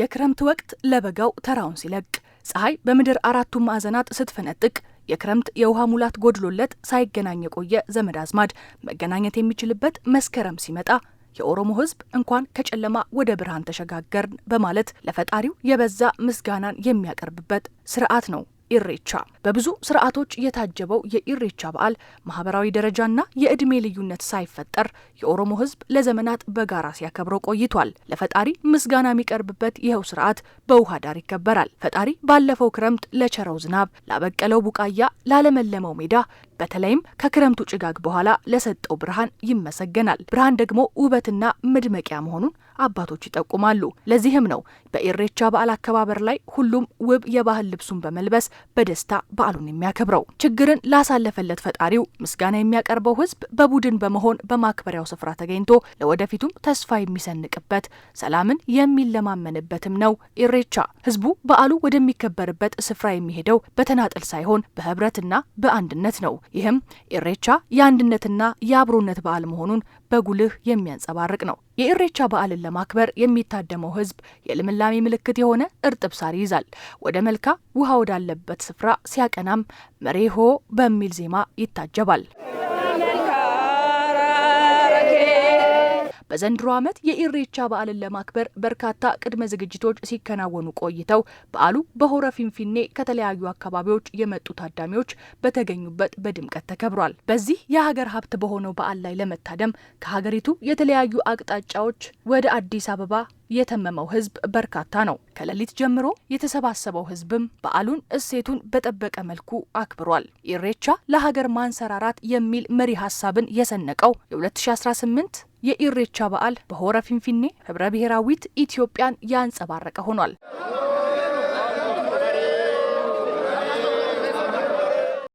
የክረምት ወቅት ለበጋው ተራውን ሲለቅ ፀሐይ በምድር አራቱ ማዕዘናት ስትፈነጥቅ የክረምት የውሃ ሙላት ጎድሎለት ሳይገናኝ የቆየ ዘመድ አዝማድ መገናኘት የሚችልበት መስከረም ሲመጣ የኦሮሞ ሕዝብ እንኳን ከጨለማ ወደ ብርሃን ተሸጋገርን በማለት ለፈጣሪው የበዛ ምስጋናን የሚያቀርብበት ስርዓት ነው ኢሬቻ በብዙ ስርዓቶች የታጀበው የኢሬቻ በዓል ማህበራዊ ደረጃና የእድሜ ልዩነት ሳይፈጠር የኦሮሞ ህዝብ ለዘመናት በጋራ ሲያከብረው ቆይቷል። ለፈጣሪ ምስጋና የሚቀርብበት ይኸው ስርዓት በውሃ ዳር ይከበራል። ፈጣሪ ባለፈው ክረምት ለቸረው ዝናብ፣ ላበቀለው ቡቃያ፣ ላለመለመው ሜዳ በተለይም ከክረምቱ ጭጋግ በኋላ ለሰጠው ብርሃን ይመሰገናል። ብርሃን ደግሞ ውበትና መድመቂያ መሆኑን አባቶች ይጠቁማሉ። ለዚህም ነው በኢሬቻ በዓል አከባበር ላይ ሁሉም ውብ የባህል ልብሱን በመልበስ በደስታ በዓሉን የሚያከብረው። ችግርን ላሳለፈለት ፈጣሪው ምስጋና የሚያቀርበው ህዝብ በቡድን በመሆን በማክበሪያው ስፍራ ተገኝቶ ለወደፊቱም ተስፋ የሚሰንቅበት ሰላምን የሚለማመንበትም ነው ኢሬቻ። ህዝቡ በዓሉ ወደሚከበርበት ስፍራ የሚሄደው በተናጠል ሳይሆን በህብረትና በአንድነት ነው። ይህም ኢሬቻ የአንድነትና የአብሮነት በዓል መሆኑን በጉልህ የሚያንጸባርቅ ነው። የኢሬቻ በዓልን ለማክበር የሚታደመው ህዝብ የልምላሜ ምልክት የሆነ እርጥብ ሳር ይይዛል። ወደ መልካ ውሃ ወዳለበት ስፍራ ሲያቀናም መሬሆ በሚል ዜማ ይታጀባል። በዘንድሮ ዓመት የኢሬቻ በዓልን ለማክበር በርካታ ቅድመ ዝግጅቶች ሲከናወኑ ቆይተው በዓሉ በሆረ ፊንፊኔ ከተለያዩ አካባቢዎች የመጡ ታዳሚዎች በተገኙበት በድምቀት ተከብሯል። በዚህ የሀገር ሀብት በሆነው በዓል ላይ ለመታደም ከሀገሪቱ የተለያዩ አቅጣጫዎች ወደ አዲስ አበባ የተመመው ህዝብ በርካታ ነው። ከሌሊት ጀምሮ የተሰባሰበው ህዝብም በዓሉን እሴቱን በጠበቀ መልኩ አክብሯል። ኢሬቻ ለሀገር ማንሰራራት የሚል መሪ ሀሳብን የሰነቀው የ2018 የኢሬቻ በዓል በሆረ ፊንፊኔ ህብረ ብሔራዊት ኢትዮጵያን ያንጸባረቀ ሆኗል።